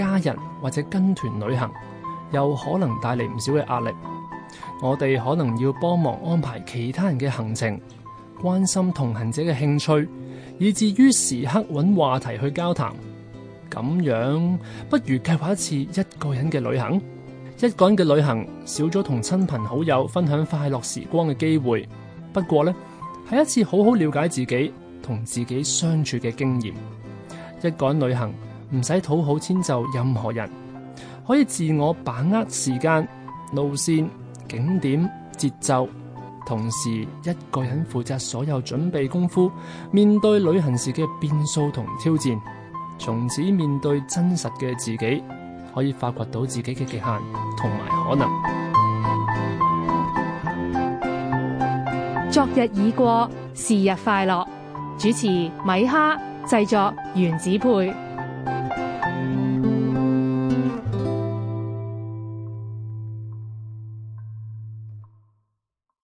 家人或者跟團旅行，又可能帶嚟唔少嘅壓力。我哋可能要幫忙安排其他人嘅行程，關心同行者嘅興趣，以至於時刻揾話題去交談。咁樣，不如計劃一次一個人嘅旅行。一個人嘅旅行，少咗同親朋好友分享快樂時光嘅機會。不過呢，係一次好好了解自己同自己相處嘅經驗。一個人旅行。唔使討好遷就任何人，可以自我把握時間、路線、景點、節奏，同時一個人負責所有準備功夫，面對旅行時嘅變數同挑戰。從此面對真實嘅自己，可以發掘到自己嘅極限同埋可能。昨日已過，是日快樂。主持米哈，製作原子配。